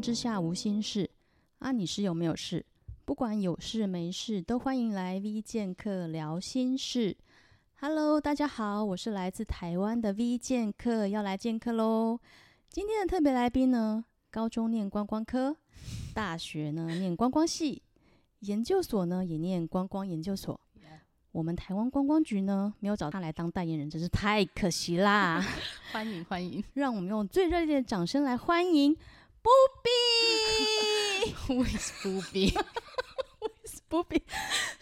之下無心事啊！你是有沒有事？不管有事沒事，都歡迎來 V 見客聊心事。Hello，大家好，我是來自台灣的 V 見客，要來見客嘍。今天的特別來賓呢，高中念觀光科，大學呢念觀光系，研究所呢也念觀光研究所。Yeah. 我們台灣觀光局呢沒有找他來當代言人，真是太可惜啦！歡迎 歡迎，歡迎，讓我們用最熱烈的掌聲來歡迎。Booby Who is Booby Who is Booby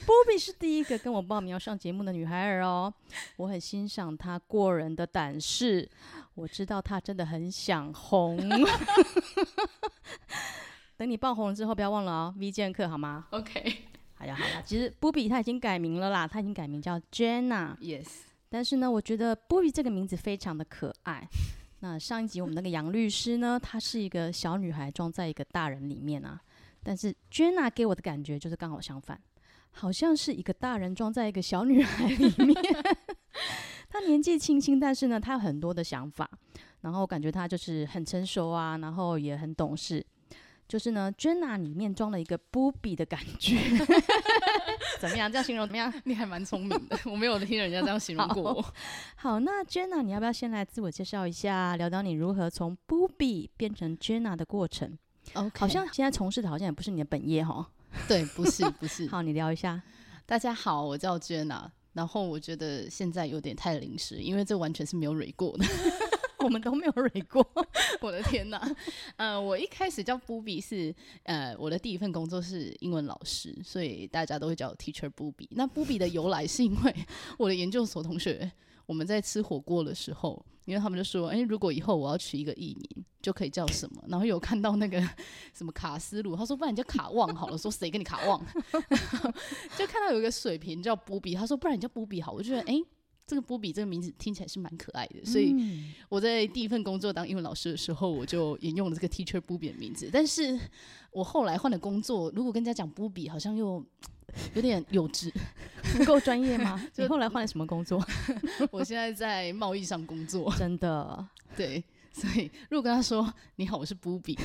Booby 是第一個跟我報名要上節目的女孩兒哦，我很欣賞她過人的膽識，我知道她真的很想紅。 等你爆紅了之後，不要忘了哦，V 劍客好嗎？OK。好呀好呀，Yeah. 其實 Booby 她已經改名了啦，她已經改名叫 Jenna。Yes。但是呢，我覺得 Booby 這個名字非常的可愛。那上一集我們那個楊律師呢，她是一個小女孩裝在一個大人裡面啊。但是 Jena 給我的感覺就是剛好相反，好像是一個大人裝在一個小女孩裡面。 她年紀輕輕，但是呢，她有很多的想法，然後我感覺她就是很成熟啊，然後也很懂事。就是呢，Jena 裡面裝了一個 booby 的感覺， 怎麼樣？這樣形容怎麼樣？你還蠻聰明的， 我沒有聽人家這樣形容過我好。好，那 Jena，你要不要先來自我介紹一下，聊到你如何從 booby 變成 Jena 的過程？OK，好像現在從事的好像也不是你的本業哦？對，不是，不是。 好，你聊一下。大家好，我叫 Jena，然後我覺得現在有點太臨時，因為這完全是沒有蕊過的。 我們都沒有蕊過， 我的天哪！嗯、呃，我一開始叫布比是，呃，我的第一份工作是英文老師，所以大家都會叫我 Teacher 布比。那布比的由來是因為我的研究所同學，我們在吃火鍋的時候，因為他們就說，哎、欸，如果以後我要取一個藝名，就可以叫什麼？然後有看到那個什麼卡斯魯，他說不然你叫卡旺好了， 說誰跟你卡旺？ 就看到有一個水瓶叫布比，他說不然你叫布比好，我就覺得哎。欸這個波比這個名字聽起來是蠻可愛的，嗯、所以我在第一份工作當英文老師的時候，我就引用了這個 Teacher 波比的名字。但是我後來換了工作，如果跟人家講波比，好像又有點幼稚，不夠專業嗎？所以 你後來換了什麼工作？我現在在貿易上工作， 真的對。所以如果跟他說：“你好，我是波比。”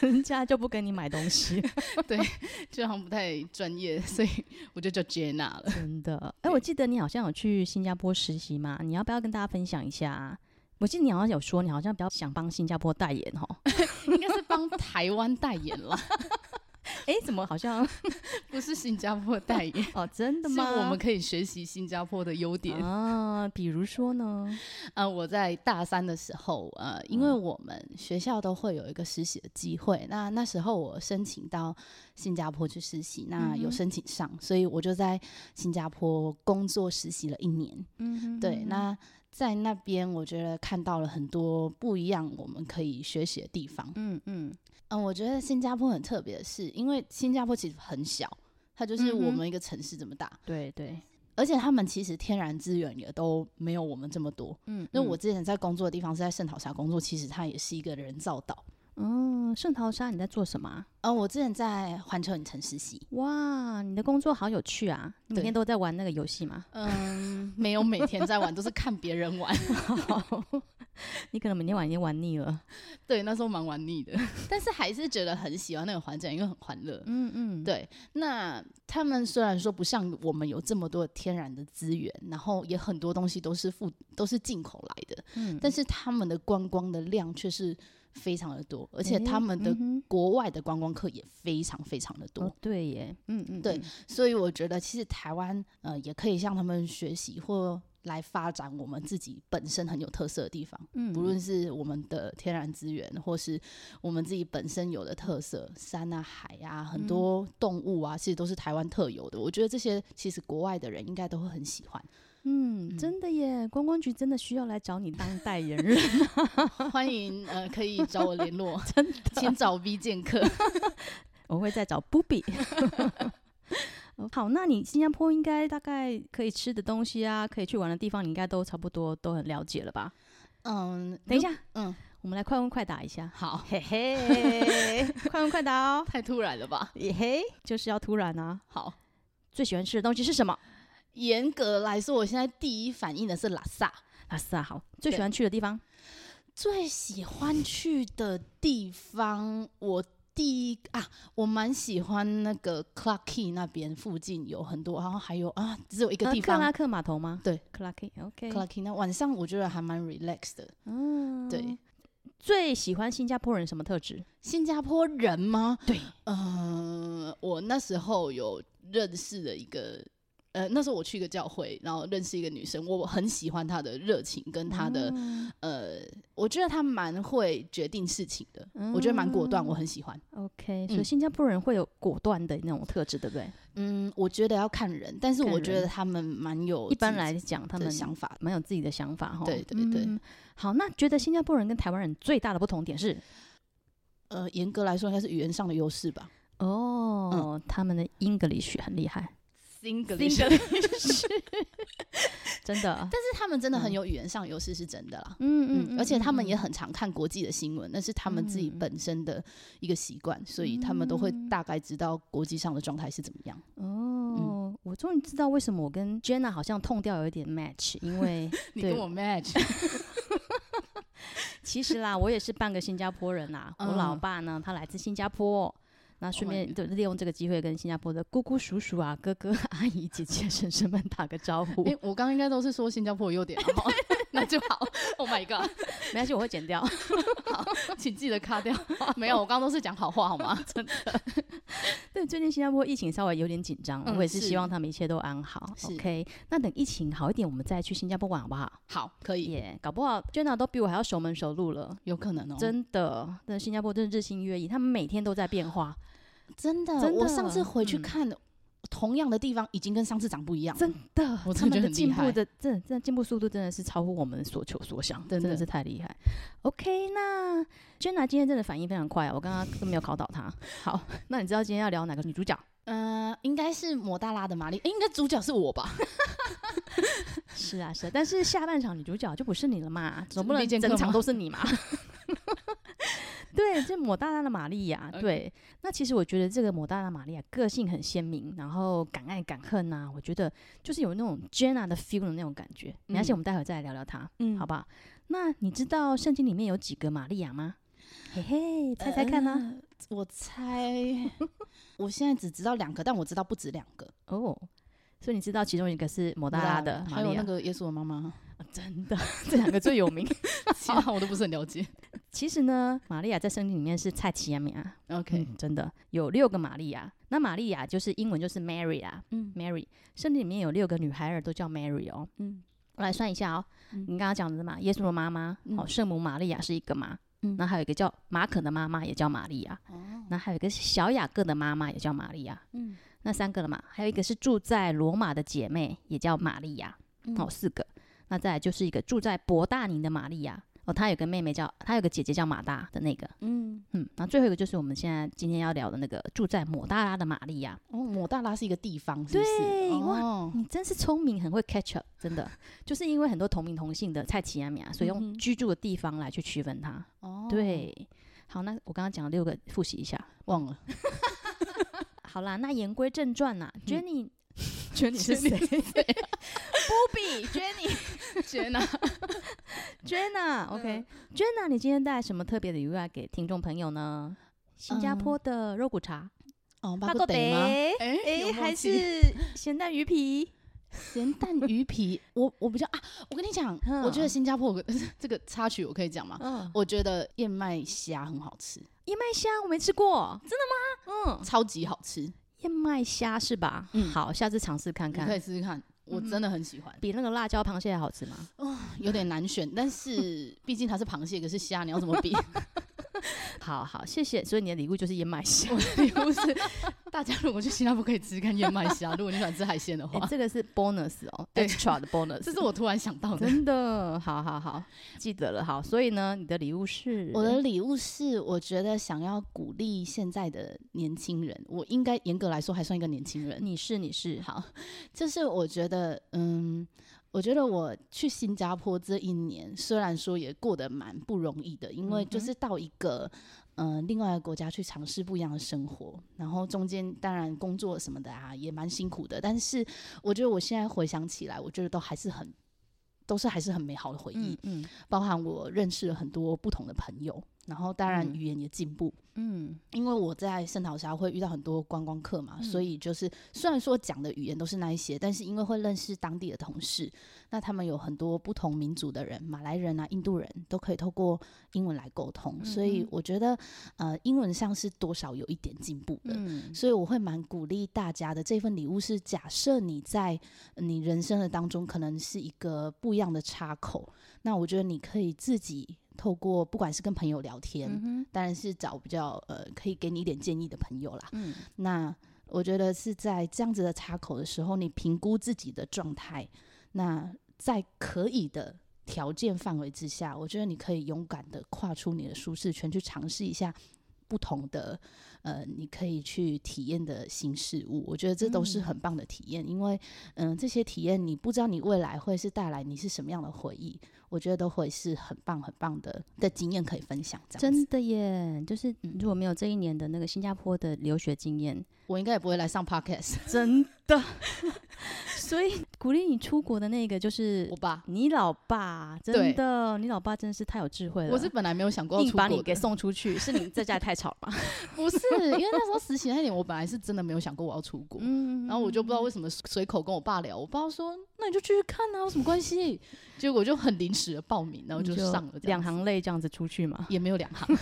人家就不跟你買東西， 對，就好像不太專業，所以我就叫接納了。真的，哎、欸，對我記得你好像有去新加坡實習嘛？你要不要跟大家分享一下，啊？我記得你好像有說，你好像比較想幫新加坡代言齁， 應該是幫台灣代言啦。 哎，怎麼好像、啊、 不是新加坡代言 哦？真的嗎？我們可以學習新加坡的優點啊，比如說呢？啊、 呃，我在大三的時候，呃，因為我們學校都會有一個實習的機會，嗯、那那時候我申請到新加坡去實習，那有申請上，嗯、哼所以我就在新加坡工作實習了一年。嗯哼哼，對，那。在那邊，我覺得看到了很多不一樣，我們可以學習的地方。嗯嗯嗯，我覺得新加坡很特別的是，因為新加坡其實很小，它就是我們一個城市這麼大。對、嗯、對，對而且他們其實天然資源也都沒有我們這麼多。嗯，那、嗯、我之前在工作的地方是在聖淘沙工作，其實它也是一個人造島。哦，聖淘、嗯、沙，你在做什麼、啊？哦、呃，我之前在環球影城實習。哇，你的工作好有趣啊！對每天都在玩那個遊戲嗎？嗯、呃，沒有，每天在玩 都是看別人玩。 你可能每天玩已經玩膩了。對，那時候蠻玩膩的， 但是還是覺得很喜歡那個環境，因為很歡樂、嗯。嗯嗯。對，那他們雖然說不像我們有這麼多天然的資源，然後也很多東西都是付都是進口來的，嗯，但是他們的觀光的量卻是。非常的多，而且他們的國外的觀光客也非常非常的多。對耶、欸，嗯嗯，對，所以我覺得其實台灣呃也可以向他們學習，或來發展我們自己本身很有特色的地方。嗯，不論是我們的天然資源，或是我們自己本身有的特色，山啊、海啊，很多動物啊，其實都是台灣特有的。我覺得這些其實國外的人應該都會很喜歡。嗯，嗯，真的耶，觀光局真的需要來找你當代言人啊。 歡迎，呃，可以找我聯絡， 真的，請找 V 劍客， 我會再找 Bubi。好，那你新加坡應該大概可以吃的東西啊，可以去玩的地方，你應該都差不多都很了解了吧？嗯，um, 等一下，嗯、um，我們來快問快答一下。好，嘿嘿，快問快答哦，太突然了吧？嘿嘿，就是要突然啊。好，最喜歡吃的東西是什麼？嚴格來說，我現在第一反應的是拉薩，拉薩好。最喜歡去的地方，最喜歡去的地方， 我第一啊，我蠻喜歡那個 Clarke Quay 那邊附近有很多，然後還有啊，只有一個地方、啊、克拉克碼頭嗎？對，Clarke Quay, OK Clarke Quay，那晚上我覺得還蠻 relaxed 的，嗯，對。最喜歡新加坡人什麼特質？新加坡人嗎？對，嗯、呃，我那時候有認識的一個。呃，那時候我去一個教會，然後認識一個女生，我很喜歡她的熱情跟她的，嗯、呃，我覺得她蠻會決定事情的，嗯、我覺得蠻果斷，我很喜歡。OK，、嗯、所以新加坡人會有果斷的那種特質，對不對？嗯，我覺得要看人，但是我覺得他們蠻有，一般來講，他們想法蠻有自己的想法哈。法對對對，對、嗯。好，那覺得新加坡人跟台灣人最大的不同點是，呃，嚴格來說應該是語言上的優勢吧？哦，嗯、他們的 English 很厲害。Singlish，是真的，但是他們真的很有語言上優勢，是真的啦。嗯嗯，而且他們也很常看國際的新聞，那是他們自己本身的一個習慣，所以他們都會大概知道國際上的狀態是怎麼樣，嗯。哦，我終於知道為什麼我跟 Jena 好像痛掉有一點 match，因為 你跟我 match。 其實啦，我也是半個新加坡人吶，我老爸呢，他來自新加坡。那順便就利用這個機會跟新加坡的姑姑、叔叔啊、哥哥、阿姨、姐姐、嬸嬸們打個招呼。我剛剛應該都是說新加坡優點好不好？ 對 那就好，Oh my god，沒關係，我會剪掉。好，請記得卡掉。沒有，我剛剛都是講好話，好嗎？真的。對，最近新加坡疫情稍微有點緊張，我也是希望他們一切都安好。OK，那等疫情好一點，我們再去新加坡玩好不好？好，可以。耶，搞不好 Jena 都比我還要熟門熟路了。有可能哦。真的，那新加坡真的日新月異，他們每天都在變化。真的，真的。我上次回去看。同樣的地方已經跟上次長不一樣了，真的，真的，我真的進步的，真真的進步速度真的是超乎我們所求所想，真的，真的是太厲害。OK，那娟娜今天真的反應非常快啊，我剛剛都沒有考倒她。 好，那你知道今天要聊哪個女主角？呃，應該是抹大拉的瑪麗，欸，應該主角是我吧？ 是啊，是，啊。但是下半場女主角就不是你了嘛，總不能整場都是你嘛？ 對，這抹大拉的瑪麗亞，對，Okay. 那其實我覺得這個抹大拉瑪麗亞個性很鮮明，然後敢愛敢恨吶，啊，我覺得就是有那種 Jenna 的 feel 的那種感覺。而且、嗯、我們待會再來聊聊她，嗯，好不好？那你知道聖經裡面有幾個瑪麗亞嗎？嘿嘿，猜猜看呢？我猜，我現在只知道兩個，但我知道不止兩個哦。所以你知道其中一個是摩大拉的瑪利亞，還有那個耶穌的媽媽。真的，這兩個最有名，其他我都不是很了解。其實呢，瑪利亞在聖經裡面是蔡奇亞米亞。OK，真的有六個瑪利亞。那瑪利亞就是英文就是 Mary 啦，Mary。聖經裡面有六個女孩兒都叫 Mary 哦。嗯，我來算一下哦。你剛剛講的嘛，耶穌的媽媽，好，聖母瑪利亞是一個嘛？嗯，那還有一個叫馬可的媽媽也叫瑪利亞，嗯、那還有一個小雅各的媽媽也叫瑪利亞，嗯，那三個了嘛，還有一個是住在羅馬的姐妹也叫瑪利亞，嗯、哦，四個，那再就是一個住在伯大尼的瑪利亞。哦，他有個妹妹叫他有個姐姐叫馬大的那個，嗯嗯，然後最後一個就是我們現在今天要聊的那個住在抹大拉的馬利亞。哦，抹大拉是一個地方是不是？對哦，你真是聰明，很會 catch up，真的， 就是因為很多同名同姓的菜奇亞米亞，嗯、哼所以用居住的地方來去區分它。哦，對，好，那我剛剛講了六個，複習一下，忘了。 好啦，那言歸正傳吶、啊，覺得你。娟妮，是誰？波比，娟妮，娟娜，娟娜，OK，娟娜，你今天帶來什麼特別的禮物要給聽眾朋友呢？新加坡的肉骨茶，哦，巴哥德，誒，還是鹹蛋魚皮，鹹蛋魚皮，我我比較啊，我跟你講，我覺得新加坡有個這個插曲我可以講嗎？我覺得燕麥蝦很好吃，燕麥蝦我沒吃過，真的嗎？嗯，超級好吃。燕麥蝦是吧？嗯，好，下次嘗試看看，可以試試看。我真的很喜歡。嗯，比那個辣椒螃蟹還好吃嗎？哦，有點難選， 但是畢竟它是螃蟹，可是蝦，你要怎麼比？ 好好，謝謝。所以你的禮物就是燕麥蝦。 我的禮物是， 大家如果去新加坡可以吃吃看燕麥蝦。 如果你喜歡吃海鮮的話。欸，這個是 bonus 哦對，extra 的 bonus。這是我突然想到的， 真的，好好好，記得了。好，所以呢，你的禮物是？我的禮物是，我覺得想要鼓勵現在的年輕人，我應該嚴格來說還算一個年輕人你。你是你是好，就是我覺得嗯。我覺得我去新加坡這一年，雖然說也過得蠻不容易的，因為就是到一個嗯哼、呃、另外一個國家去嘗試不一樣的生活，然後中間當然工作什麼的啊也蠻辛苦的，但是我覺得我現在回想起來，我覺得都還是很都是還是很美好的回憶，嗯，嗯包含我認識了很多不同的朋友。然後，當然語言也進步。嗯，嗯因為我在聖淘沙會遇到很多觀光客嘛，嗯、所以就是雖然說講的語言都是那一些，但是因為會認識當地的同事，那他們有很多不同民族的人，馬來人啊、印度人都可以透過英文來溝通，嗯、所以我覺得呃，英文上是多少有一點進步的。嗯、所以我會蠻鼓勵大家的。這份禮物是假設你在你人生的當中可能是一個不一樣的岔口，那我覺得你可以自己。透過不管是跟朋友聊天，嗯、哼當然是找比較呃可以給你一點建議的朋友啦。嗯、那我覺得是在這樣子的岔口的時候，你評估自己的狀態，那在可以的條件範圍之下，我覺得你可以勇敢的跨出你的舒適圈，去嘗試一下不同的。呃，你可以去體驗的新事物，我覺得這都是很棒的體驗，嗯、因為嗯、呃，這些體驗你不知道你未來會是帶來你是什麼樣的回憶，我覺得都會是很棒很棒的的經驗可以分享。真的耶，就是如果沒有這一年的那個新加坡的留學經驗，嗯、我應該也不會來上 Podcast。真的， 所以鼓勵你出國的那個就是你老爸，我爸，你老爸真的，你老爸真的是太有智慧了。我是本來沒有想過出國的，硬把你給送出去，是你在家太吵了嗎？ 不是。是 因為那時候實習那一年，我本來是真的沒有想過我要出國，然後我就不知道為什麼隨口跟我爸聊，我爸說 那你就繼續看啊，有什麼關係？ 結果就很臨時的報名，然後就上了，兩行淚這樣子出去嘛，也沒有兩行，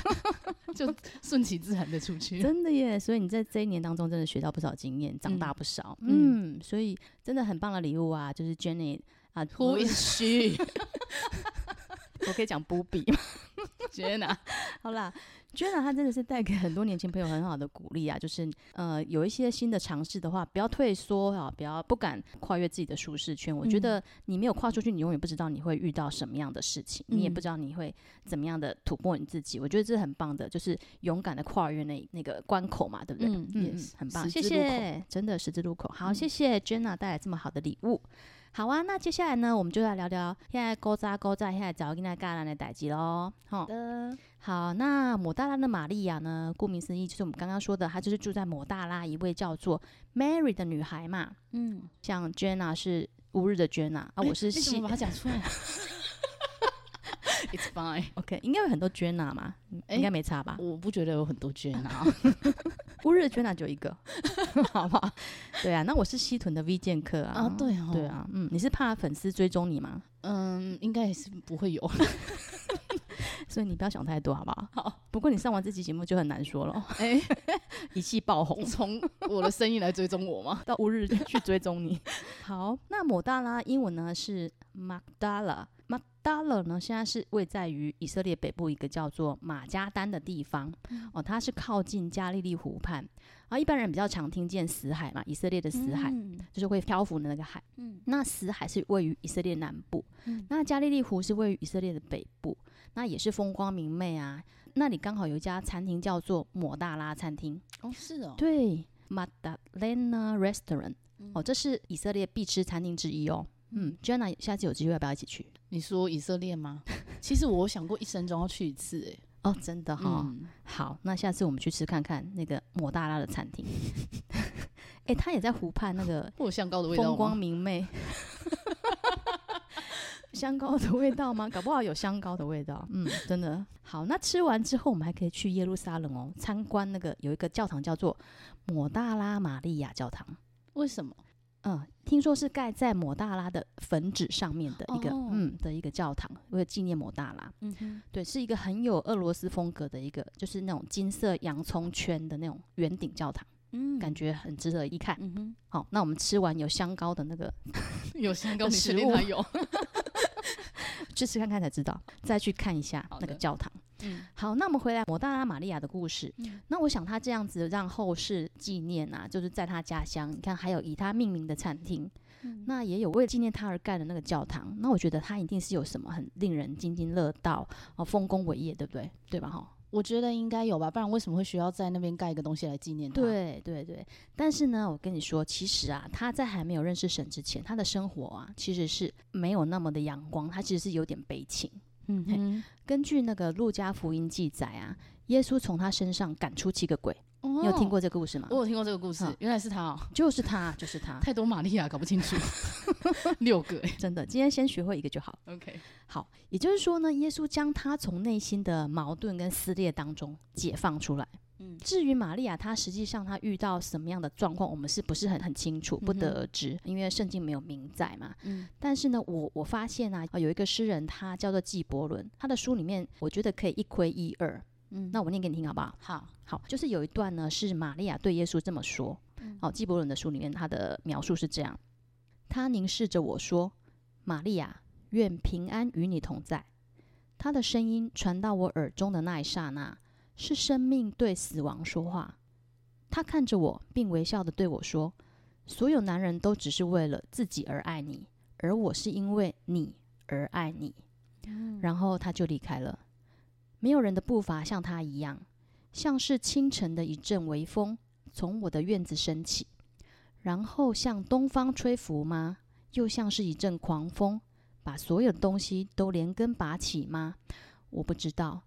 就順其自然的出去。 真的耶，所以你在這一年當中真的學到不少經驗，長大不少。嗯，嗯，所以真的很棒的禮物啊，就是 Jenny 啊 who is she？ 我可以講不比嗎 ？Jena， 好啦。Jena，她真的是帶給很多年輕朋友很好的鼓勵啊，就是呃，有一些新的嘗試的話，不要退縮啊，不要不敢跨越自己的舒適圈。我覺得你沒有跨出去，你永遠不知道你會遇到什麼樣的事情，你也不知道你會怎麼樣的突破你自己。我覺得這是很棒的，就是勇敢的跨越那那個關口嘛，對不對，嗯？嗯，嗯，很棒，謝謝，真的十字路口，好，嗯、謝謝 Jena 帶來這麼好的禮物。好啊，那接下來呢，我們就來聊聊現在勾扎勾扎現在找個那嘎蘭的代志咯。好的。嗯、好，那抹大拉的瑪利亞呢？顧名思義，就是我們剛剛說的，她就是住在抹大拉一位叫做 Mary 的女孩嘛。嗯，像 Jena，是烏日的 Jena，欸，啊，啊，我是希望麼講出來？ It's fine. OK，應該有很多 j e 嘛，欸、應該沒差吧？我不覺得有很多 j e 不 n a 烏日就一個， 好不好？ 對啊，那我是西屯的 V 劍客啊，啊。對、哦、對啊，嗯，你是怕粉絲追蹤你嗎？嗯，應該也是不會有。 所以你不要想太多，好不好？好，不過你上完這期節目就很難說了。哎， 一氣爆紅，從我的聲音來追蹤我嗎？ 到烏日去追蹤你。 好，那抹大拉英文呢，是 Magdala，Magdala 呢，現在是位在於以色列北部一個叫做馬加丹的地方。嗯、哦，它是靠近加利利湖畔，而一般人比較常聽見死海嘛，以色列的死海、嗯、就是會漂浮的那個海。嗯，那死海是位於以色列南部，嗯、那加利利湖是位於以色列的北部。那也是風光明媚啊！那裡剛好有一家餐廳叫做抹大拉餐廳哦，是哦，對，Madalena Restaurant、嗯、哦，這是以色列必吃餐廳之一哦。嗯，嗯，Jena，下次有機會要不要一起去？你說以色列嗎？ 其實我想過一生中要去一次、欸，哎，哦，真的哈，嗯、好，那下次我們去吃看看那個抹大拉的餐廳。哎、 欸，他也在湖畔那個，風光明媚。抹香膏的味道嗎？ 香膏的味道嗎？搞不好有香膏的味道。 嗯，真的好。那吃完之後，我們還可以去耶路撒冷哦，參觀那個有一個教堂叫做抹大拉瑪利亞教堂。為什麼？嗯，聽說是蓋在抹大拉的墳址上面的一個哦哦嗯的一個教堂，為了紀念抹大拉。嗯哼對，是一個很有俄羅斯風格的一個，就是那種金色洋蔥圈的那種圓頂教堂。嗯，感覺很值得一看。嗯哼好，那我們吃完有香膏的那個有香膏 的食物。 試試看看才知道，再去看一下那個教堂。嗯，好，那我們回來抹大拉馬利亞的故事。嗯、那我想他這樣子讓後世紀念啊，就是在他家鄉，你看還有以他命名的餐廳，嗯、那也有為紀念他而蓋的那個教堂。那我覺得他一定是有什麼很令人津津樂道啊、哦，豐功偉業，對不對？對吧？哈。我覺得應該有吧，不然為什麼會需要在那邊蓋一個東西來紀念他？對對對，但是呢，我跟你說，其實啊，他在還沒有認識神之前，他的生活啊，其實是沒有那麼的陽光，他其實是有點悲情。嗯嗯，根據那個《路加福音》記載啊，耶穌從他身上趕出七個鬼。你有聽過這個故事嗎？哦，我有聽過這個故事，原來是他哦，就是他，就是他， 太多瑪利亞搞不清楚， 六個耶真的，今天先學會一個就好。OK，好，也就是說呢，耶穌將他從內心的矛盾跟撕裂當中解放出來。嗯、至於瑪利亞，她實際上她遇到什麼樣的狀況，我們是不是很很清楚，不得而知，嗯、哼因為聖經沒有明載嘛。嗯、但是呢，我我發現啊，有一個詩人，他叫做紀伯倫，他的書裡面，我覺得可以一窺一二。嗯，那我念給你聽好不好？好，好，就是有一段呢，是瑪利亞對耶穌這麼說。好、嗯哦，紀伯倫的書裡面，他的描述是這樣：他凝視着我說：“瑪利亞，願平安與你同在。”他的聲音傳到我耳中的那一剎那，是生命對死亡說話。他看着我，並微笑地對我說：“所有男人都只是為了自己而愛你，而我是因為你而愛你。嗯”然後他就離開了。沒有人的步伐像他一樣，像是清晨的一陣微風從我的院子升起，然後向東方吹拂嗎？又像是一陣狂風，把所有的東西都連根拔起嗎？我不知道。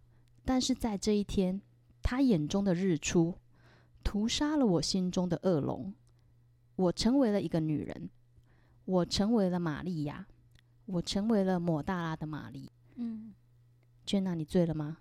但是在這一天，他眼中的日出屠殺了我心中的惡龍，我成為了一個女人，我成為了瑪利亞，我成為了抹大拉的瑪麗。嗯，Jena，你醉了嗎？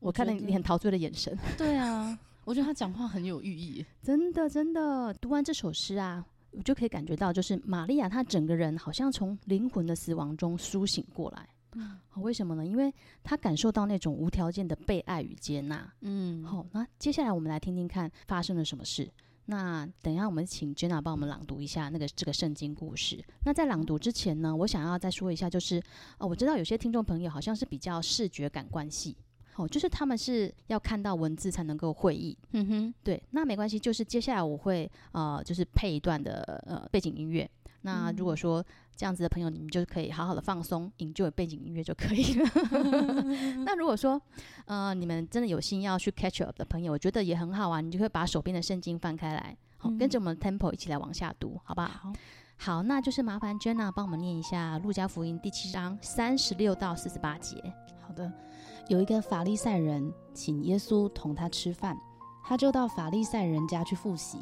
我看到你很陶醉的眼神。對啊，我覺得他講話很有寓意。 真的，真的，讀完這首詩啊，我就可以感覺到，就是瑪利亞她整個人好像從靈魂的死亡中甦醒過來。嗯、哦，為什麼呢？因為她感受到那種無條件的被愛與接納。嗯，好、哦，那接下來我們來聽聽看發生了什麼事。那等一下我們請 Jena 幫我們朗讀一下那個這個聖經故事。那在朗讀之前呢，我想要再說一下，就是呃、哦，我知道有些聽眾朋友好像是比較視覺感關係。哦，就是他們是要看到文字才能夠會意。嗯哼，對，那沒關係，就是接下來我會呃，就是配一段的呃背景音樂。嗯、那如果說這樣子的朋友，你們就可以好好的放鬆 enjoy 背景音樂就可以了。嗯、哼 那如果說呃，你們真的有心要去 catch up 的朋友，我覺得也很好啊，你就可以把手邊的聖經翻開來，哦嗯、哼跟着我們 tempo 一起來往下讀，好不好？好，好，那就是麻煩 Jenna 幫我們念一下《路加福音》第七章三十六到四十八節。好的。有一個法利賽人請耶穌同他吃飯，他就到法利賽人家去赴席。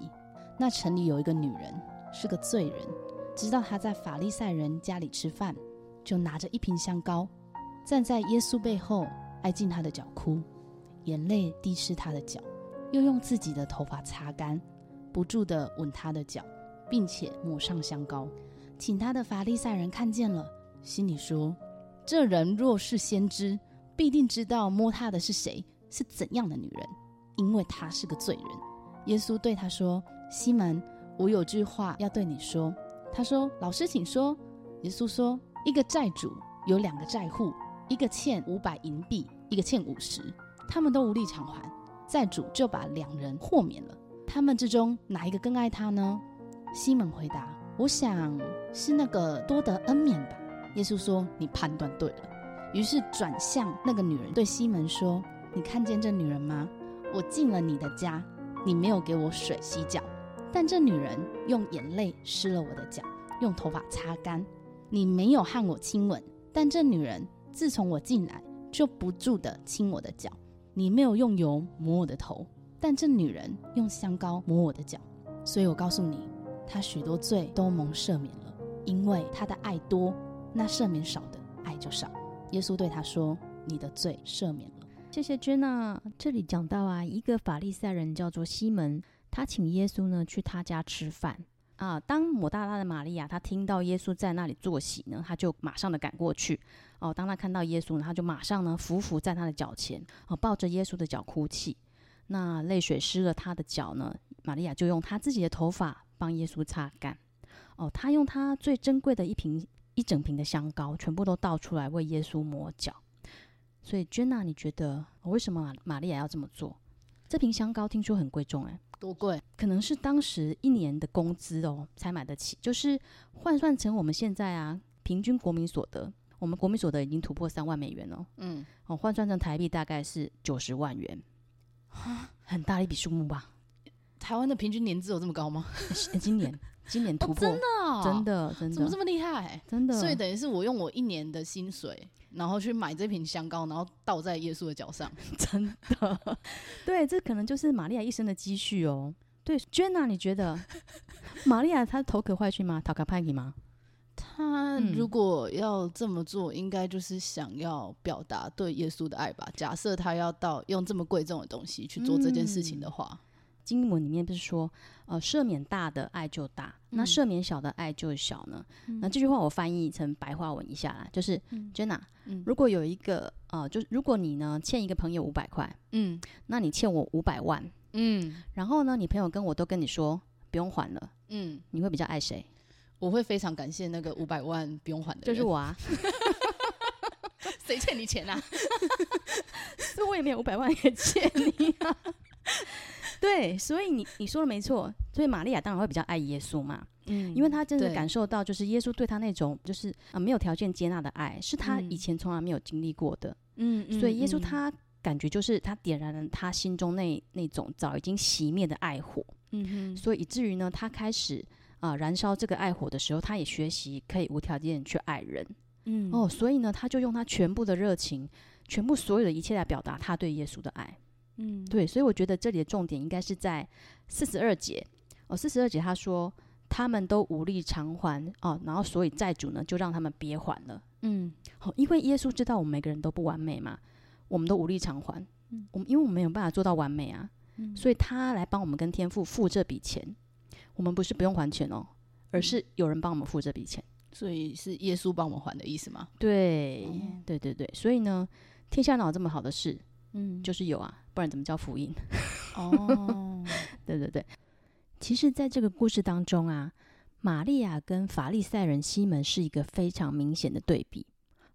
那城裡有一個女人是個罪人，知道他在法利賽人家裡吃飯，就拿着一瓶香膏，站在耶穌背後挨近他的腳哭，眼淚滴濕他的腳，又用自己的頭髮擦乾，不住地吻他的腳，並且抹上香膏。請他的法利賽人看見了，心裡說：“這人若是先知。”必定知道摸他的是誰，是怎樣的女人，因為他是個罪人。耶穌對他說：“西門，我有句話要對你說。”他說：“老師，請說。”耶穌說：“一個債主有兩個債戶，一個欠五百銀幣，一個欠五十，他們都無力償還，債主就把兩人豁免了。他們之中哪一個更愛他呢？”西門回答：“我想是那個多得恩免吧。”耶穌說：“你判斷對了。”於是轉向那個女人，對西門說：“你看見這女人嗎？我進了你的家，你沒有給我水洗腳，但這女人用眼淚濕了我的腳，用頭髮擦乾。你沒有和我親吻，但這女人自從我進來就不住地親我的腳。你沒有用油抹我的頭，但這女人用香膏抹我的腳。所以，我告訴你，她許多罪都蒙赦免了，因為她的愛多，那赦免少的愛就少。”耶穌對他說：“你的罪赦免了。”謝謝 Jena 這裡講到啊，一個法利賽人叫做西門，他請耶穌呢去他家吃飯啊。當抹大拉的瑪利亞他聽到耶穌在那裡坐席呢，他就馬上的趕過去。哦，當他看到耶穌呢，他就馬上呢俯伏在他的腳前，哦，抱着耶穌的腳哭泣。那淚水濕了他的腳呢，瑪利亞就用他自己的頭髮幫耶穌擦乾。哦，他用他最珍貴的一瓶。一整瓶的香膏全部都倒出來為耶穌抹腳，所以 Jena，你覺得、哦、為什麼馬馬利亞要這麼做？這瓶香膏聽說很貴重、欸，哎，多貴？可能是當時一年的工資哦才買得起，就是換算成我們現在啊平均國民所得，我們國民所得已經突破三萬美元了，嗯，我、哦、換算成台幣大概是九十萬元，很大一筆數目吧。台灣的平均年資有這麼高嗎、？ 欸？今年，今年突破，哦，真的哦？、真的，真的，真的，怎麼這麼厲害、欸？真的，所以等於是我用我一年的薪水，然後去買這瓶香膏，然後倒在耶穌的腳上， 真的。對，這可能就是馬利亞一生的積蓄哦。對，Jena，你覺得馬利亞她頭殼壞去嗎？頭殼壞去嗎？她如果要這麼做，應該就是想要表達對耶穌的愛吧。假設她要到用這麼貴重的東西去做這件事情的話。嗯經文裡面不是說，呃，赦免大的愛就大，嗯、那赦免小的愛就小呢？嗯、那這句話我翻譯成白話文一下啦，就是 Jena，如果有一個呃，就如果你呢欠一個朋友五百塊，嗯，那你欠我五百萬，嗯，然後呢，你朋友跟我都跟你說不用還了，嗯，你會比較愛誰？我會非常感謝那個五百萬不用還的人，就是我啊，誰 欠你錢啊？ 是我也沒有五百萬也欠你啊。 對，所以你你說的沒錯，所以瑪利亞當然會比較愛耶穌嘛，嗯，因為她真的感受到，就是耶穌對她那種就是啊、呃、沒有條件接納的愛，是她以前從來沒有經歷過的，嗯，所以耶穌他感覺就是他點燃了他心中那那種早已經熄滅的愛火，嗯哼，所以以至於呢，他開始啊、呃、燃燒這個愛火的時候，他也學習可以無條件去愛人，嗯哦，所以呢，他就用他全部的熱情、全部所有的一切來表達他對耶穌的愛。嗯，對，所以我覺得這裡的重點應該是在四十二節哦，四十二節他說他們都無力償還哦，然後所以債主呢就讓他們別還了。嗯，好、哦，因為耶穌知道我們每個人都不完美嘛，我們都無力償還，嗯、我們因為我們沒有辦法做到完美啊，嗯、所以他來幫我們跟天父付這筆錢。我們不是不用還錢哦，而是有人幫我們付這筆錢，嗯、所以是耶穌幫我們還的意思嗎？對，嗯、對對對，所以呢，天下哪有這麼好的事。嗯，就是有啊，不然怎麼叫福音？哦 ，oh. 對對對。其實，在這個故事當中啊，瑪利亞跟法利賽人西門是一個非常明顯的對比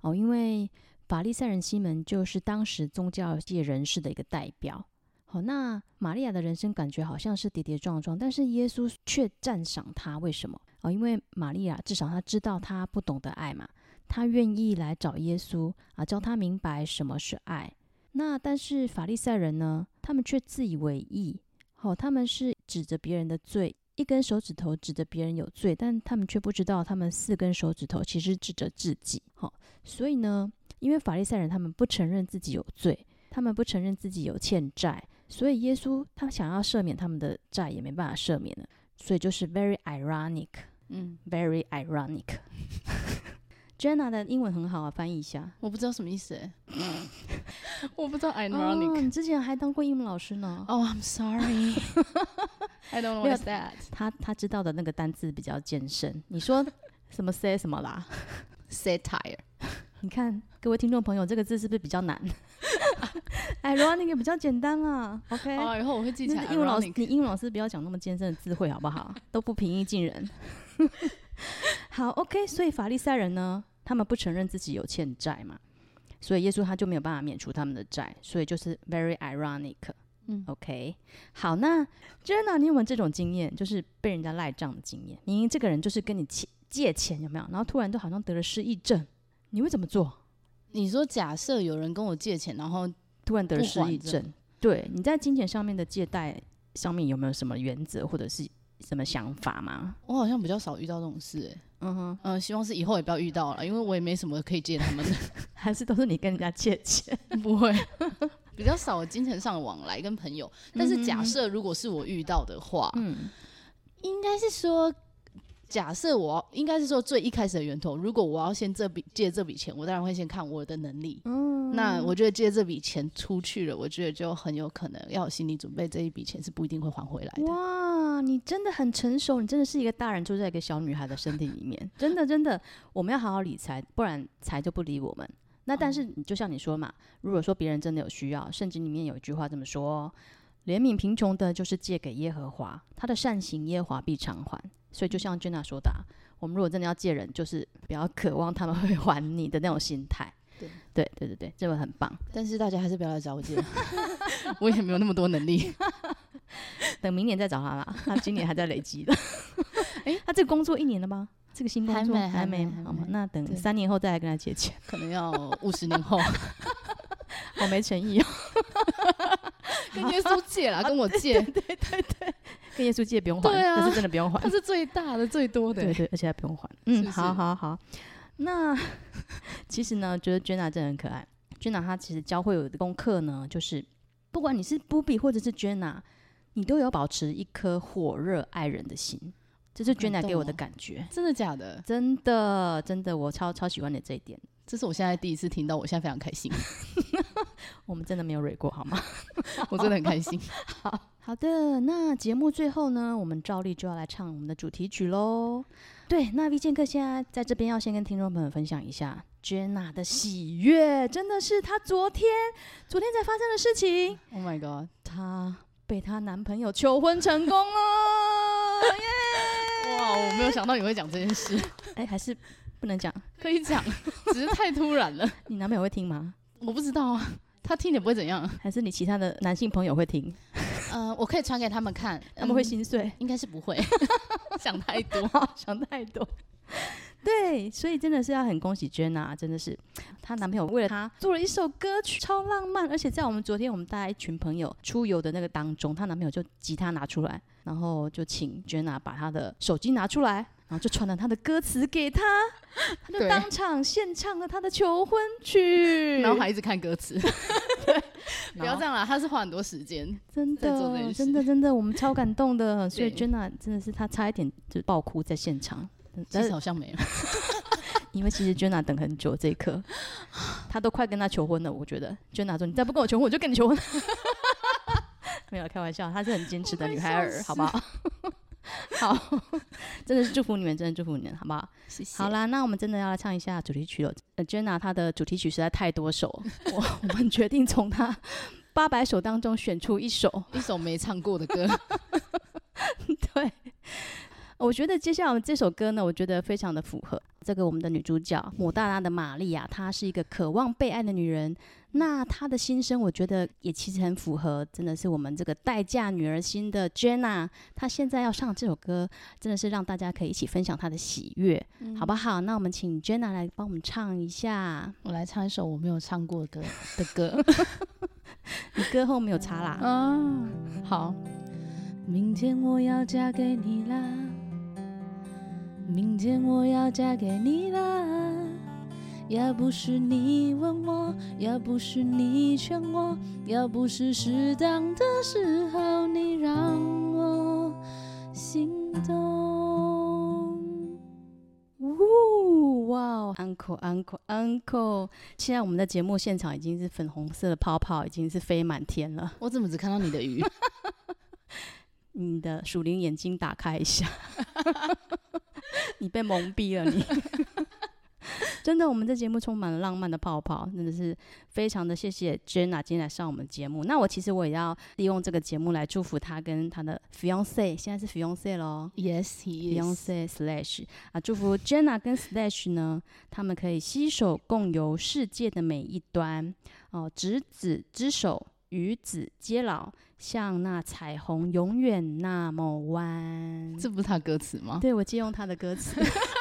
哦，因為法利賽人西門就是當時宗教界人士的一個代表。好、哦，那瑪利亞的人生感覺好像是跌跌撞撞，但是耶穌卻讚賞他，為什麼？哦，因為瑪利亞至少他知道他不懂得愛嘛，他願意來找耶穌啊，教他明白什麼是愛。那但是法利賽人呢？他們卻自以為義。好、哦，他們是指着別人的罪，一根手指頭指着別人有罪，但他們卻不知道他們四根手指頭其實指着自己，好、哦，所以呢，因為法利賽人他們不承認自己有罪，他們不承認自己有欠債，所以耶穌他想要赦免他們的債也沒辦法赦免了，所以就是 very ironic，嗯，very ironic。 Jenna 的英文很好啊，翻譯一下。我不知道什麼意思、欸 嗯。我不知道 ironic。Oh, 你之前還當過英文老師呢。哦、oh, I'm sorry. I don't know that. 他他知道的那個單字比較艱深。你說什麼 say 什麼啦？Say tire。你看，各位聽眾朋友，這個字是不是比較難 ？Ironic 也比較簡單啊。OK。Oh, 以後我會記起來。英文老師，你英文老師不要講那麼艱深的詞彙好不好？ 都不平易近人。 好，OK。所以法利賽人呢？他們不承認自己有欠債嘛，所以耶穌他就沒有辦法免除他們的債，所以就是 very ironic。嗯，OK，好，那 Jena，你有沒有這種經驗，就是被人家賴賬的經驗？你這個人就是跟你借借錢有沒有？然後突然都好像得了失憶症，你會怎麼做？你說假設有人跟我借錢，然後突然得了失憶症，對，你在金錢上面的借貸上面有沒有什麼原則，或者是？什麼想法嗎？我好像比較少遇到這種事、欸，嗯哼、呃、希望是以後也不要遇到了，因為我也沒什麼可以借他們的， 還是都是你跟人家借錢，不會，比較少我精神上的往來跟朋友，嗯、哼但是假設如果是我遇到的話，嗯、應該是說。假設我應該是說，最一開始的源頭，如果我要先這筆借這筆錢，我當然會先看我的能力。嗯，那我覺得借這筆錢出去了，我覺得就很有可能要有心理準備，這一筆錢是不一定會還回來的。哇，你真的很成熟，你真的是一個大人住在一個小女孩的身體裡面， 真的真的，我們要好好理財，不然財就不理我們。那但是你、嗯、就像你說嘛，如果說別人真的有需要，聖經裡面有一句話這麼說、哦：憐憫貧窮的，就是借給耶和華，他的善行耶和華必償還。所以就像 Jena 說的，我們如果真的要借人，就是比較渴望他們會還你的那種心態。對，對，對，對，這個很棒。但是大家還是不要來找我借，我也沒有那麼多能力。等明年再找他吧。他今年還在累積的。他這工作一年了嗎？這個新工作還沒，還沒，好，那等三年後再來跟他借錢，可能要五十年後。我沒誠意哦。跟耶穌借了，跟我借。對對對。跟耶穌借不用還，啊、但是真的不用還，它是最大的、最多的、欸。對，對對，而且還不用還。是是嗯，好好好。那 其實呢，覺得 Jena 真的很可愛。Jena 她其實教會我的功課呢，就是不管你是波比或者是 Jena，你都有保持一顆火熱愛人的心。這是 Jena 給我的感覺，okay, 真的假的？真的真的，真的我超超喜歡你這一點。這是我現在第一次聽到，我現在非常開心。 我們真的沒有瑞過好嗎？ 我真的很開心。 好，好的，那節目最後呢，我們照例就要來唱我們的主題曲嘍。對，那 V 健客現在在這邊要先跟聽眾朋友分享一下 Jena 的喜悅，真的是她昨天昨天才發生的事情。Oh my god，她被她男朋友求婚成功了！耶！ Yeah! 哇，我沒有想到你會講這件事。哎、欸，還是不能講，可以講， 只是太突然了。你男朋友會聽嗎？我不知道啊。他聽也不會怎樣，還是你其他的男性朋友會聽？呃，我可以傳給他們看，他們會心碎？嗯、應該是不會， 想太多， 想太多。 對，所以真的是要很恭喜 Jena 真的是，她男朋友為了她做了一首歌曲，超浪漫。而且在我們昨天我們帶一群朋友出遊的那個當中，她男朋友就吉他拿出來，然後就請 Jena 把她的手機拿出來。然後就傳了他的歌詞給他，他就當場獻唱了他的求婚曲。然後還一直看歌詞。對，不要這樣啦，他是花很多時間，真的，真的，真的，我們超感動的。所以 Jena 真的是，她差一點就爆哭在現場，但是好像沒了，因為其實 Jena 等很久這一刻，她都快跟他求婚了。我覺得 Jena 說：“你再不跟我求婚，我就跟你求婚。”沒有開玩笑，她是很堅持的女孩兒，好不好？好，真的是祝福你們，真的祝福你們，好不好？謝謝。好啦，那我們真的要來唱一下主題曲了。呃，Jena 她的主題曲實在太多首，我 我們決定從她八百首當中選出一首，一首沒唱過的歌。 對，我覺得接下來我們這首歌呢，我覺得非常的符合這個我們的女主角，抹大拉的馬利亞，她是一個渴望被愛的女人。那他的心聲，我覺得也其實很符合，真的是我們這個待嫁女兒心的 Jena，她現在要唱這首歌，真的是讓大家可以一起分享她的喜悅，好不好？嗯、那我們請 Jena 來幫我們唱一下，我來唱一首我沒有唱過歌的歌，你歌后沒有差啦。啊，好。明天我要嫁給你啦，明天我要嫁給你啦。要不是你問我，要不是你勸我，要不是適當的時候，你讓我心動。嗚哇，Uncle Uncle Uncle，現在我們的節目現場已經是粉紅色的泡泡，已經是飛滿天了。我怎麼只看到你的魚？ 你的屬靈眼睛打開一下， 你被蒙蔽了，你。 真的，我們這節目充滿了浪漫的泡泡，真的是非常的謝謝 Jena 今天來上我們節目。那我其實我也要利用這個節目來祝福他跟他的 fiance，現在是 fiance 咯，Yes，fiance he Slash 啊，祝福 Jena 跟 Slash 呢， 他們可以攜手共遊世界的每一端哦，執子之手，與子偕老，像那彩虹永遠那麼彎。這不是他歌詞嗎？對，我借用他的歌詞。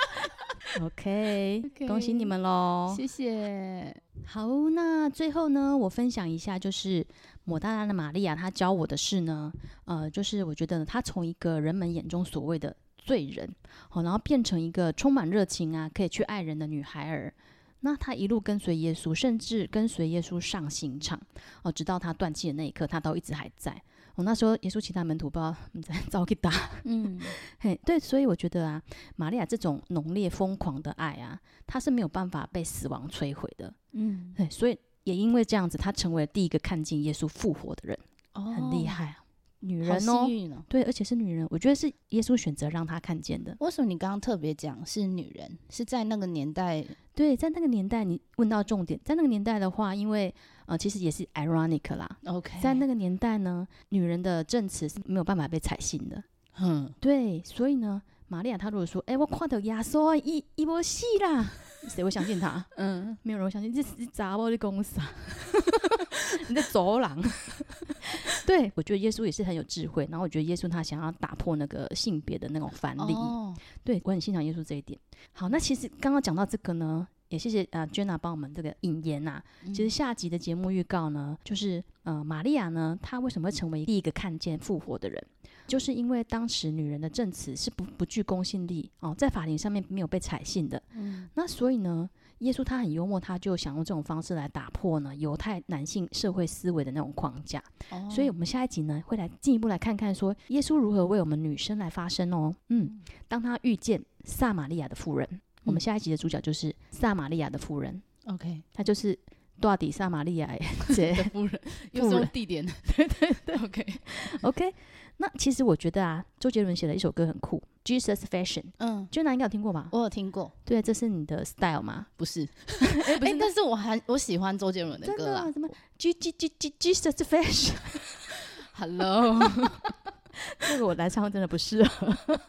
OK，okay 恭喜你們嘍！謝謝。好，那最後呢，我分享一下，就是抹大拉的馬利亞，她教我的事呢，呃，就是我覺得呢，她從一個人們眼中所謂的罪人，好，然後變成一個充滿熱情啊，可以去愛人的女孩兒。那她一路跟隨耶穌，甚至跟隨耶穌上刑場，哦，直到他斷氣的那一刻，她都一直還在。我那時候耶穌其他門徒不知道，不知道打，嗯，嘿，對，所以我覺得啊，瑪利亞這種濃烈瘋狂的愛啊，她是沒有辦法被死亡摧毀的，嗯，對，所以也因為這樣子，她成為了第一個看見耶穌復活的人，哦，很厲害啊，女人哦，對，而且是女人，我覺得是耶穌選擇讓她看見的。為什麼你剛剛特別講是女人？是在那個年代？對，在那個年代，你問到重點，在那個年代的話，因為。啊、呃，其實也是 ironic 啦。OK，在那個年代呢，女人的證詞是沒有辦法被採信的。嗯，對，所以呢，瑪利亞她如果說，哎、欸，我看到耶穌一一波死啦，誰會相信他？ 嗯，沒有人會相信，這是查某的公司啊，在 你的走廊。 對，我覺得耶穌也是很有智慧，然後我覺得耶穌他想要打破那個性別的那種藩籬。哦、對，我很欣賞耶穌這一點。好，那其實剛剛講到這個呢。也謝謝啊、uh,，Jena 幫我們這個引言吶、啊。嗯、其實下集的節目預告呢，就是呃，瑪利亞呢，她為什麼會成為第一個看見復活的人？嗯、就是因為當時女人的證詞是不不具公信力哦，在法庭上面沒有被採信的。嗯、那所以呢，耶穌他很幽默，他就想用這種方式來打破呢猶太男性社會思維的那種框架。哦、所以，我們下一集呢，會來進一步來看看說耶穌如何為我們女生來發聲哦。嗯，當他遇見撒瑪利亞的婦人。我們下一集的主角就是撒瑪利亞的夫人。OK，她就是大底撒瑪利亞的夫人，又是地點，對對對。OK，OK，那其實我覺得啊，周杰倫寫的一首歌很酷，《Jesus Fashion》。嗯，君楠應該有聽過吧？我有聽過。對啊，這是你的 style 嗎？不是，哎，但是我很我喜歡周杰倫的歌啊。什麼 Jesus Fashion？Hello。 這個我來唱真的不適合。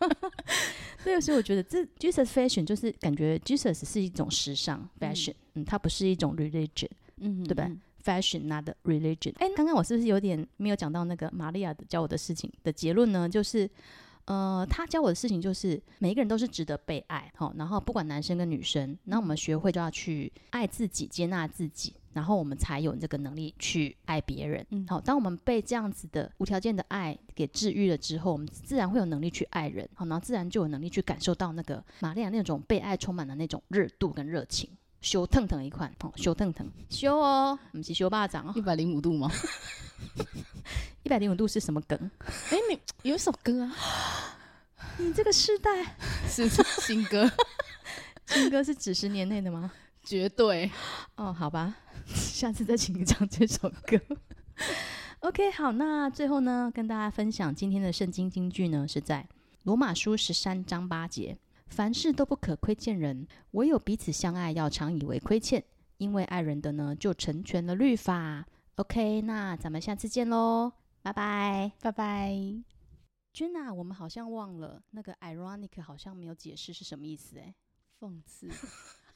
所以有時候我覺得，這 Jesus fashion 就是感覺 Jesus 是一種時尚 fashion，嗯，嗯，它不是一種 religion，嗯，對吧、嗯？Fashion not religion、嗯。哎，剛剛我是不是有點沒有講到那個瑪利亞的教我的事情的結論呢？就是，呃，他教我的事情就是，每一個人都是值得被愛，好、哦，然後不管男生跟女生，那我們學會就要去愛自己，接納自己。然後我們才有這個能力去愛別人。好、嗯哦，當我們被這樣子的無條件的愛給治癒了之後，我們自然會有能力去愛人，哦、然後自然就有能力去感受到那個馬利亞那種被愛充滿了那種熱度跟熱情。修騰騰的一款，哦，修騰騰，修哦，我們是修霸掌哦。一百零五度嗎？一百零五度是什麼梗？哎、欸，你有一首歌啊？ 你這個世代 是新歌？ 新歌是幾十年內的嗎？絕對。哦，好吧。下次再請你唱這首歌。 OK，好，那最後呢，跟大家分享今天的聖經金句呢，是在羅馬書十三章八節：凡事都不可虧欠人，唯有彼此相愛，要常以為虧欠，因為愛人的呢，就成全了律法。OK，那咱們下次見嘍，拜拜拜拜。君娜 bye，Jena，我們好像忘了那個 ironic 好像沒有解釋是什麼意思，欸，誒，諷刺。